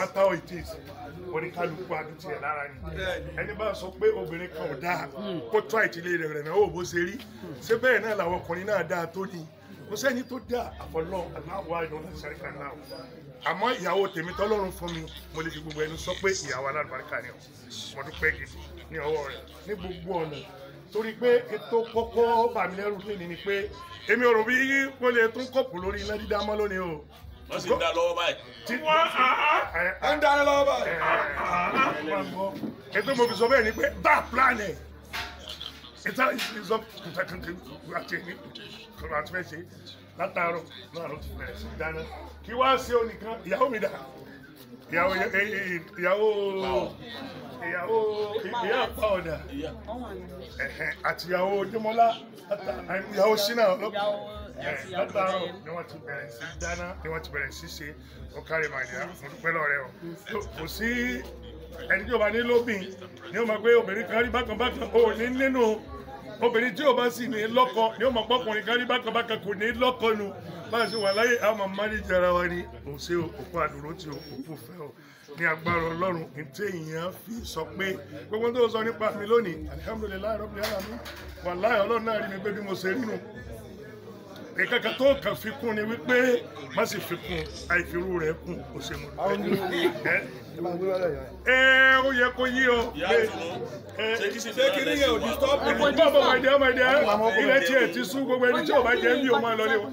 matter how it is oníkálukú adúntì ẹ̀ lára ni ẹni bá sọ pé obìnrin kan ò dáa kó tó àìtílé rẹ̀ náà ó bó ṣe rí ṣé bẹ́ẹ̀ náà làwọn ọkùnrin náà dáa tó ni kò sẹ́ni tó dáa àfọlọ́ aláwọ̀ àìdùn náà ṣàríkà náà àmọ́ ìyàwó tèmi tọ́lọ́run fún mi mo lè fi gbogbo ẹnu sọ pé ìyàwó alábàríkà ni ọ mo dúpẹ́ gidi ní ọwọ́ rẹ̀ ní gbogbo ọ̀nà torí pé ètò kọ́kọ́ bàmílẹ́rù lé ni ni pé èmi ò rò bí mo lè tún kọ́pù lórí iná dídá mọ́ lónìí o wọ́n sì ń dá lọ́wọ́ báyìí. wọ́n á ń dá lọ́wọ́ báyìí. ètò mo fi sọ bẹ́ẹ̀ ni pé bá a plan ẹ̀ ìta ìsọ kùtàkùtà àti ẹni kọ̀ọ̀rọ̀ àti fẹ́ ṣe látàárọ̀ náà ló ti bẹ̀rẹ̀ sí dáná kí wá sí o nìkan ìyàwó mi dà ìyàwó ìyàwó ìyàwó ìyá pa ọ̀dà àti ìyàwó Jímọ́lá ìyàwó Ṣínà ọlọ́pàá látàárọ̀ ni wọ́n ti bẹ̀rẹ̀ sí dáná ni wọ́n ti bẹ̀rẹ̀ sí ṣe ó kárí màdìyà mo dúpẹ́ lọ́rẹ́ o kò sí ẹni tí o bá ní lóbìn ni o mọ̀ pé obìnrin kan rí bákan bákan o ní nínú obìnrin tí o bá sì ní lọ́kọ ni o mọ̀ pé ọkùnrin kan rí bákan bákan kò ní lọ́kọ nu bá a ṣe wà láyé àwọn mọ́rí jara wa ni o ṣe òkú àdúró tí o kò fẹ́ o ní agbára ọlọ́run ntẹ́ èèyàn fi sọ pé gbogbo tó sọ nípa mi lónìí alihamudulilayi rọ́bìlì alamin wàláyé ọlọ́run náà rí mi pé bí mo ṣe rí nù nǹkan kan tó kàn fi kún ni wípé má sì fi kún àìfirú rẹ̀ kún kò ṣe mọ̀ lọ́pẹ́. ẹ ó yẹ kó yí o. ṣé kí ni yẹn ò di stop. bọ́ọ̀bù mọ̀ọ́dẹ́ mọ̀ọ́dẹ́ ilẹ̀ tiẹ̀ ti sú gbogbo ẹni tí ò bá jẹ́ bí o máa lọ lé wa.